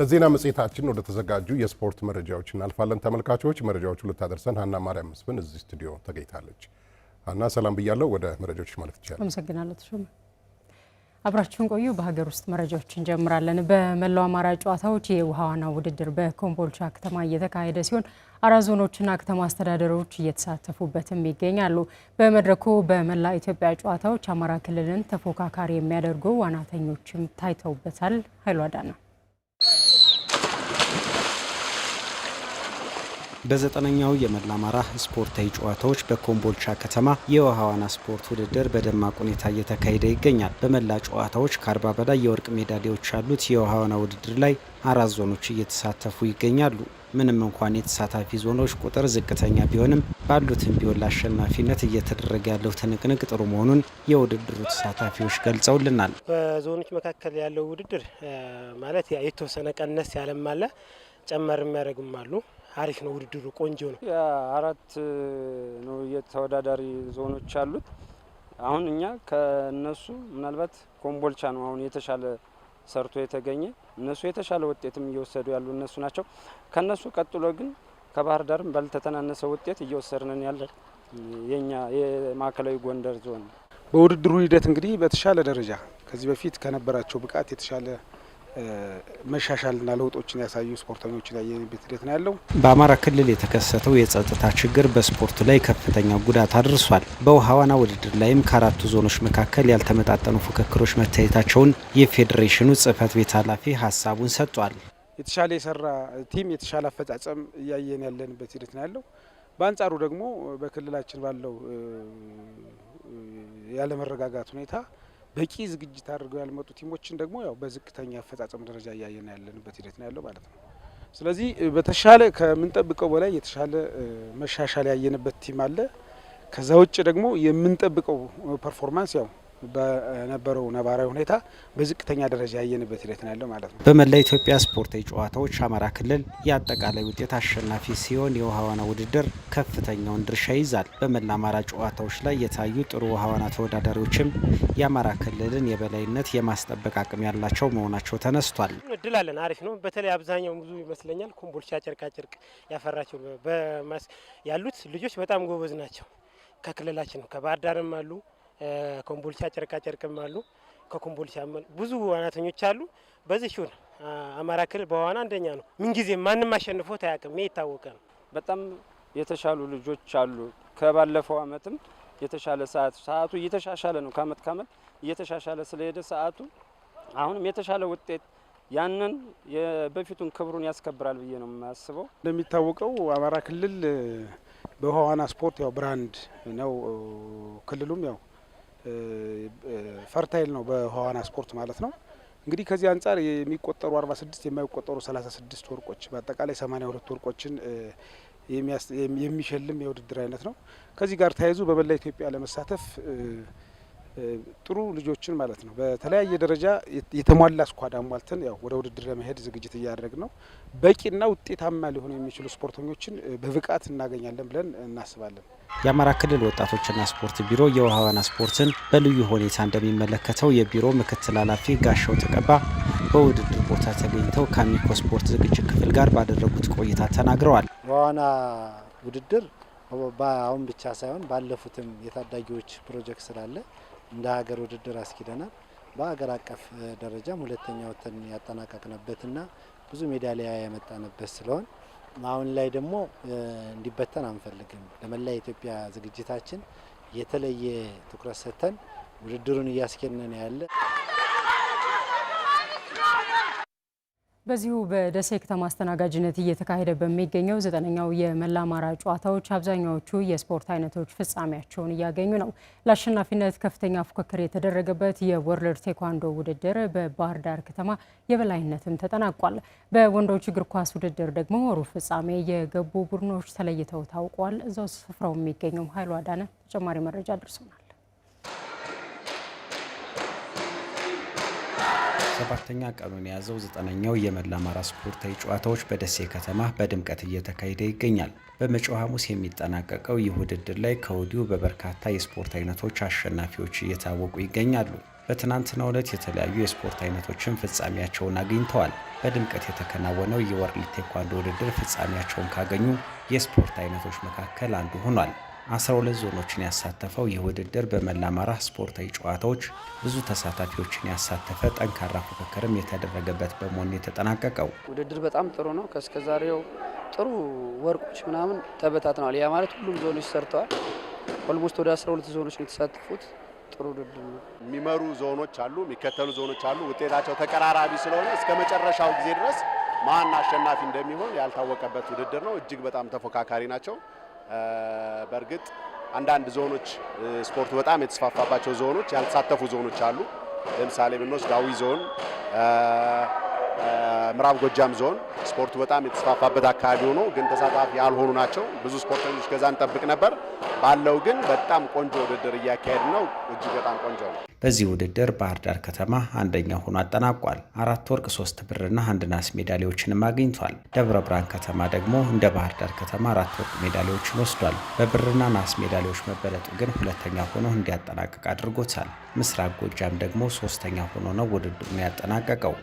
ለዜና መጽሔታችን ወደ ተዘጋጁ የስፖርት መረጃዎች እናልፋለን። ተመልካቾች መረጃዎቹ ልታደርሰን ሀና ማርያም መስፍን እዚህ ስቱዲዮ ተገኝታለች። ሀና ሰላም ብያለሁ። ወደ መረጃዎች ማለፍ ትችላለች። አመሰግናለሁ ተሾመ። አብራችሁን ቆዩ። በሀገር ውስጥ መረጃዎች እንጀምራለን። በመላው አማራ ጨዋታዎች የውሃ ዋና ውድድር በኮምቦልቻ ከተማ እየተካሄደ ሲሆን አራት ዞኖችና ከተማ አስተዳደሮች እየተሳተፉበትም ይገኛሉ። በመድረኩ በመላ ኢትዮጵያ ጨዋታዎች አማራ ክልልን ተፎካካሪ የሚያደርጉ ዋናተኞችም ታይተውበታል። ኃይሉ አዳና በዘጠነኛው የመላ አማራ ስፖርታዊ ጨዋታዎች በኮምቦልቻ ከተማ የውሃ ዋና ስፖርት ውድድር በደማቅ ሁኔታ እየተካሄደ ይገኛል። በመላ ጨዋታዎች ከአርባ በላይ የወርቅ ሜዳሊያዎች ያሉት የውሃ ዋና ውድድር ላይ አራት ዞኖች እየተሳተፉ ይገኛሉ። ምንም እንኳን የተሳታፊ ዞኖች ቁጥር ዝቅተኛ ቢሆንም ባሉትም ቢሆን ለአሸናፊነት እየተደረገ ያለው ትንቅንቅ ጥሩ መሆኑን የውድድሩ ተሳታፊዎች ገልጸውልናል። በዞኖች መካከል ያለው ውድድር ማለት የተወሰነ ቀነስ ያለም አለ ጨመር የሚያደርግም አሉ አሪፍ ነው። ውድድሩ ቆንጆ ነው። አራት ነው የተወዳዳሪ ዞኖች አሉት። አሁን እኛ ከነሱ ምናልባት ኮምቦልቻ ነው አሁን የተሻለ ሰርቶ የተገኘ እነሱ የተሻለ ውጤትም እየወሰዱ ያሉ እነሱ ናቸው። ከነሱ ቀጥሎ ግን ከባህር ዳርም ባልተተናነሰ ውጤት እየወሰድንን ያለ የኛ የማዕከላዊ ጎንደር ዞን በውድድሩ ሂደት እንግዲህ በተሻለ ደረጃ ከዚህ በፊት ከነበራቸው ብቃት የተሻለ መሻሻልና ለውጦችን ያሳዩ ስፖርተኞችን ያየንበት ሂደት ነው ያለው። በአማራ ክልል የተከሰተው የጸጥታ ችግር በስፖርቱ ላይ ከፍተኛ ጉዳት አድርሷል። በውሃ ዋና ውድድር ላይም ከአራቱ ዞኖች መካከል ያልተመጣጠኑ ፉክክሮች መታየታቸውን የፌዴሬሽኑ ጽህፈት ቤት ኃላፊ ሀሳቡን ሰጥቷል። የተሻለ የሰራ ቲም የተሻለ አፈጻጸም እያየን ያለንበት ሂደት ነው ያለው። በአንጻሩ ደግሞ በክልላችን ባለው ያለመረጋጋት ሁኔታ በቂ ዝግጅት አድርገው ያልመጡ ቲሞችን ደግሞ ያው በዝቅተኛ አፈጻጸም ደረጃ እያየን ያለንበት ሂደት ነው ያለው ማለት ነው። ስለዚህ በተሻለ ከምንጠብቀው በላይ የተሻለ መሻሻል ያየንበት ቲም አለ። ከዛ ውጭ ደግሞ የምንጠብቀው ፐርፎርማንስ ያው በነበረው ነባራዊ ሁኔታ በዝቅተኛ ደረጃ ያየንበት ሂደት ነው ያለው ማለት ነው። በመላ ኢትዮጵያ ስፖርታዊ ጨዋታዎች አማራ ክልል የአጠቃላይ ውጤት አሸናፊ ሲሆን የውሃ ዋና ውድድር ከፍተኛውን ድርሻ ይዛል። በመላ አማራ ጨዋታዎች ላይ የታዩ ጥሩ ውሃ ዋና ተወዳዳሪዎችም የአማራ ክልልን የበላይነት የማስጠበቅ አቅም ያላቸው መሆናቸው ተነስቷል። እድል አለን፣ አሪፍ ነው። በተለይ አብዛኛው ብዙ ይመስለኛል ኮምቦልቻ ጨርቃጨርቅ ያፈራቸው ያሉት ልጆች በጣም ጎበዝ ናቸው። ከክልላችን ከባህር ዳርም አሉ ኮምቦልቻ ጨርቃ ጨርቅም አሉ። ከኮምቦልቻ ብዙ ዋናተኞች አሉ። በዚህ ሹን አማራ ክልል በዋና አንደኛ ነው። ምንጊዜ ማንም አሸንፎት አያውቅም። ይሄ የታወቀ ነው። በጣም የተሻሉ ልጆች አሉ። ከባለፈው አመትም የተሻለ ሰዓት ሰዓቱ እየተሻሻለ ነው። ከአመት ከአመት እየተሻሻለ ስለሄደ ሰዓቱ አሁንም የተሻለ ውጤት ያንን የበፊቱን ክብሩን ያስከብራል ብዬ ነው የማስበው። እንደሚታወቀው አማራ ክልል በውሃ ዋና ስፖርት ያው ብራንድ ነው። ክልሉም ያው ፈርታይል ነው በሆዋና ስፖርት ማለት ነው። እንግዲህ ከዚህ አንጻር የሚቆጠሩ 46 የማይቆጠሩ 36 ወርቆች በአጠቃላይ 82 ወርቆችን የሚሸልም የውድድር አይነት ነው። ከዚህ ጋር ተያይዞ በመላ ኢትዮጵያ ለመሳተፍ ጥሩ ልጆችን ማለት ነው በተለያየ ደረጃ የተሟላ ስኳድ አሟልተን ያው ወደ ውድድር ለመሄድ ዝግጅት እያደረግ ነው። በቂና ውጤታማ ሊሆኑ የሚችሉ ስፖርተኞችን በብቃት እናገኛለን ብለን እናስባለን። የአማራ ክልል ወጣቶችና ስፖርት ቢሮ የውሃ ዋና ስፖርትን በልዩ ሁኔታ እንደሚመለከተው የቢሮ ምክትል ኃላፊ ጋሻው ተቀባ በውድድር ቦታ ተገኝተው ከአሚኮ ስፖርት ዝግጅት ክፍል ጋር ባደረጉት ቆይታ ተናግረዋል። ዋና ውድድር አሁን ብቻ ሳይሆን ባለፉትም የታዳጊዎች ፕሮጀክት ስላለ እንደ ሀገር ውድድር አስኪደናል። በሀገር አቀፍ ደረጃም ሁለተኛ ወተን ያጠናቀቅንበትና ብዙ ሜዳሊያ ያመጣንበት ስለሆን አሁን ላይ ደግሞ እንዲበተን አንፈልግም። ለመላ የኢትዮጵያ ዝግጅታችን የተለየ ትኩረት ሰጥተን ውድድሩን እያስኬድነን ያለ በዚሁ በደሴ ከተማ አስተናጋጅነት እየተካሄደ በሚገኘው ዘጠነኛው የመላ አማራ ጨዋታዎች አብዛኛዎቹ የስፖርት አይነቶች ፍጻሜያቸውን እያገኙ ነው። ለአሸናፊነት ከፍተኛ ፉክክር የተደረገበት የወርልድ ቴኳንዶ ውድድር በባህር ዳር ከተማ የበላይነትም ተጠናቋል። በወንዶች እግር ኳስ ውድድር ደግሞ ሩብ ፍጻሜ የገቡ ቡድኖች ተለይተው ታውቋል። እዛው ስፍራው የሚገኘው ኃይሉ አዳነ ተጨማሪ መረጃ ደርሶናል። ሰባተኛ ቀኑን የያዘው ዘጠነኛው የመላ አማራ ስፖርታዊ ጨዋታዎች በደሴ ከተማ በድምቀት እየተካሄደ ይገኛል። በመጪው ሐሙስ የሚጠናቀቀው ይህ ውድድር ላይ ከወዲሁ በበርካታ የስፖርት አይነቶች አሸናፊዎች እየታወቁ ይገኛሉ። በትናንትናው ዕለት የተለያዩ የስፖርት አይነቶችን ፍጻሜያቸውን አግኝተዋል። በድምቀት የተከናወነው የወርልድ ቴኳንዶ ውድድር ፍጻሜያቸውን ካገኙ የስፖርት አይነቶች መካከል አንዱ ሆኗል። 12 ዞኖችን ያሳተፈው ይህ ውድድር በመላ አማራ ስፖርታዊ ጨዋታዎች ብዙ ተሳታፊዎችን ያሳተፈ ጠንካራ ፉክክርም የተደረገበት በመሆኑ የተጠናቀቀው ውድድር በጣም ጥሩ ነው። ከእስከ ዛሬው ጥሩ ወርቆች ምናምን ተበታትነዋል። ያ ማለት ሁሉም ዞኖች ሰርተዋል። ኦልሞስት ወደ 12 ዞኖች ነው የተሳተፉት። ጥሩ ውድድር ነው። የሚመሩ ዞኖች አሉ፣ የሚከተሉ ዞኖች አሉ። ውጤታቸው ተቀራራቢ ስለሆነ እስከ መጨረሻው ጊዜ ድረስ ማን አሸናፊ እንደሚሆን ያልታወቀበት ውድድር ነው። እጅግ በጣም ተፎካካሪ ናቸው። በእርግጥ አንዳንድ ዞኖች ስፖርቱ በጣም የተስፋፋባቸው ዞኖች፣ ያልተሳተፉ ዞኖች አሉ። ለምሳሌ ብንወስድ አዊ ዞን ምዕራብ ጎጃም ዞን ስፖርቱ በጣም የተስፋፋበት አካባቢ ሆኖ ግን ተሳታፊ ያልሆኑ ናቸው። ብዙ ስፖርተኞች ከዛ እንጠብቅ ነበር። ባለው ግን በጣም ቆንጆ ውድድር እያካሄድ ነው። እጅግ በጣም ቆንጆ ነው። በዚህ ውድድር ባህር ዳር ከተማ አንደኛ ሆኖ አጠናቋል። አራት ወርቅ፣ ሶስት ብርና አንድ ናስ ሜዳሊያዎችንም አግኝቷል። ደብረ ብርሃን ከተማ ደግሞ እንደ ባህር ዳር ከተማ አራት ወርቅ ሜዳሊያዎችን ወስዷል። በብርና ናስ ሜዳሊያዎች መበለጡ ግን ሁለተኛ ሆኖ እንዲያጠናቅቅ አድርጎታል። ምስራቅ ጎጃም ደግሞ ሶስተኛ ሆኖ ነው ውድድሩን ያጠናቀቀው።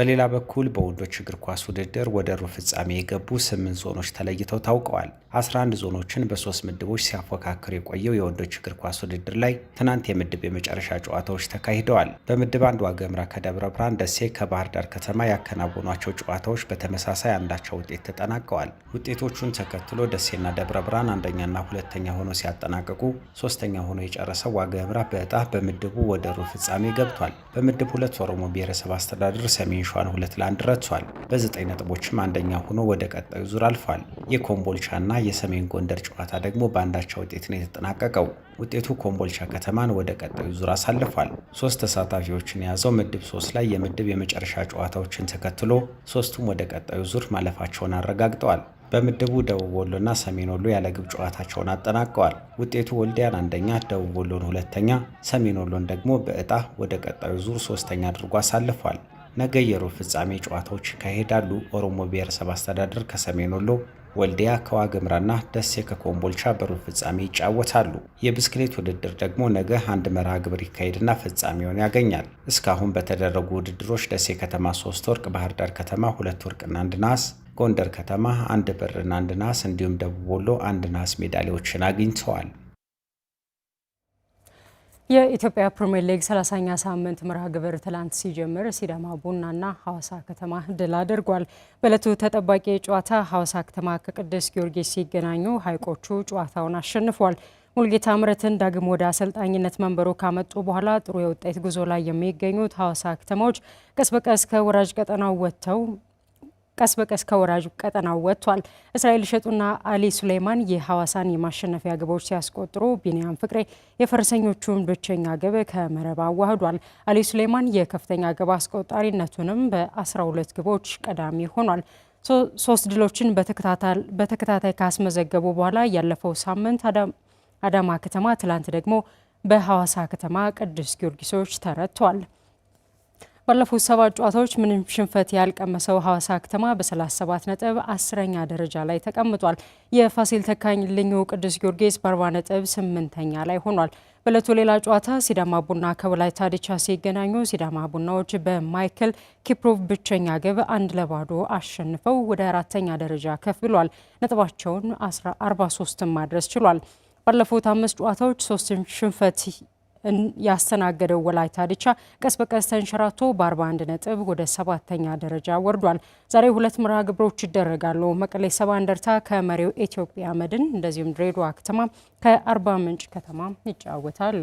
በሌላ በኩል በወንዶች እግር ኳስ ውድድር ወደ ሩብ ፍጻሜ የገቡ ስምንት ዞኖች ተለይተው ታውቀዋል። 11 ዞኖችን በሶስት ምድቦች ሲያፎካክር የቆየው የወንዶች እግር ኳስ ውድድር ላይ ትናንት የምድብ የመጨረሻ ጨዋታዎች ተካሂደዋል። በምድብ አንድ ዋገምራ ከደብረ ብርሃን ደሴ ከባህር ዳር ከተማ ያከናወኗቸው ጨዋታዎች በተመሳሳይ አንዳቸው ውጤት ተጠናቀዋል። ውጤቶቹን ተከትሎ ደሴና ደብረ ብርሃን አንደኛና ሁለተኛ ሆኖ ሲያጠናቀቁ ሶስተኛ ሆኖ የጨረሰው ዋገምራ በእጣ በምድቡ ወደ ሩብ ፍጻሜ ገብቷል። በምድብ ሁለት ኦሮሞ ብሔረሰብ አስተዳደር ሰሜን ትንሿን ሁለት ለአንድ ረቷል። በዘጠኝ ነጥቦችም አንደኛ ሆኖ ወደ ቀጣዩ ዙር አልፏል። የኮምቦልቻና የሰሜን ጎንደር ጨዋታ ደግሞ በአንዳቻ ውጤት ነው የተጠናቀቀው። ውጤቱ ኮምቦልቻ ከተማን ወደ ቀጣዩ ዙር አሳልፏል። ሶስት ተሳታፊዎችን የያዘው ምድብ ሶስት ላይ የምድብ የመጨረሻ ጨዋታዎችን ተከትሎ ሶስቱም ወደ ቀጣዩ ዙር ማለፋቸውን አረጋግጠዋል። በምድቡ ደቡብ ወሎና ሰሜን ወሎ ያለ ግብ ጨዋታቸውን አጠናቀዋል። ውጤቱ ወልዲያን አንደኛ፣ ደቡብ ወሎን ሁለተኛ፣ ሰሜን ወሎን ደግሞ በእጣ ወደ ቀጣዩ ዙር ሶስተኛ አድርጎ አሳልፏል። ነገ የሩብ ፍጻሜ ጨዋታዎች ይካሄዳሉ። ኦሮሞ ብሔረሰብ አስተዳደር ከሰሜን ወሎ፣ ወልዲያ ከዋግምራና ደሴ ከኮምቦልቻ በሩብ ፍጻሜ ይጫወታሉ። የብስክሌት ውድድር ደግሞ ነገ አንድ መርሃ ግብር ይካሄድና ፍጻሜውን ያገኛል። እስካሁን በተደረጉ ውድድሮች ደሴ ከተማ ሶስት ወርቅ፣ ባህር ዳር ከተማ ሁለት ወርቅና አንድ ነሐስ፣ ጎንደር ከተማ አንድ ብርና አንድ ነሐስ እንዲሁም ደቡብ ወሎ አንድ ነሐስ ሜዳሊያዎችን አግኝተዋል። የኢትዮጵያ ፕሪምየር ሊግ 30ኛ ሳምንት መርሃ ግብር ትላንት ሲጀምር ሲዳማ ቡናና ሐዋሳ ከተማ ድል አድርጓል። በእለቱ ተጠባቂ ጨዋታ ሐዋሳ ከተማ ከቅዱስ ጊዮርጊስ ሲገናኙ ሀይቆቹ ጨዋታውን አሸንፏል። ሙልጌታ ምረትን ዳግም ወደ አሰልጣኝነት መንበሩ ካመጡ በኋላ ጥሩ የውጤት ጉዞ ላይ የሚገኙት ሐዋሳ ከተማዎች ቀስ በቀስ ከወራጅ ቀጠናው ወጥተው ቀስ በቀስ ከወራጅ ቀጠናው ወጥቷል። እስራኤል ሸጡና አሊ ሱሌይማን የሐዋሳን የማሸነፊያ ግቦች ሲያስቆጥሩ ቢንያም ፍቅሬ የፈረሰኞቹን ብቸኛ ግብ ከመረብ አዋህዷል። አሊ ሱሌይማን የከፍተኛ ግብ አስቆጣሪነቱንም በ12 ግቦች ቀዳሚ ሆኗል። ሶስት ድሎችን በተከታታይ ካስመዘገቡ በኋላ ያለፈው ሳምንት አዳማ ከተማ፣ ትላንት ደግሞ በሐዋሳ ከተማ ቅዱስ ጊዮርጊሶች ተረቷል። ባለፉት ሰባት ጨዋታዎች ምንም ሽንፈት ያልቀመሰው ሐዋሳ ከተማ በ37 ነጥብ አስረኛ ደረጃ ላይ ተቀምጧል። የፋሲል ተካኝ ልኙ ቅዱስ ጊዮርጊስ በ40 ነጥብ ስምንተኛ ላይ ሆኗል። በእለቱ ሌላ ጨዋታ ሲዳማ ቡና ከወላይታ ዲቻ ሲገናኙ ሲዳማ ቡናዎች በማይክል ኪፕሮቭ ብቸኛ ግብ አንድ ለባዶ አሸንፈው ወደ አራተኛ ደረጃ ከፍ ብሏል። ነጥባቸውን 43 ማድረስ ችሏል። ባለፉት አምስት ጨዋታዎች ሶስት ሽንፈት ያስተናገደው ወላይታ ዲቻ ቀስ በቀስ ተንሸራቶ በ41 ነጥብ ወደ ሰባተኛ ደረጃ ወርዷል። ዛሬ ሁለት መርሃ ግብሮች ይደረጋሉ። መቀሌ ሰባ እንደርታ ከመሪው ኢትዮጵያ መድን እንደዚሁም ድሬዳዋ ከተማ ከአርባ ምንጭ ከተማ ይጫወታሉ።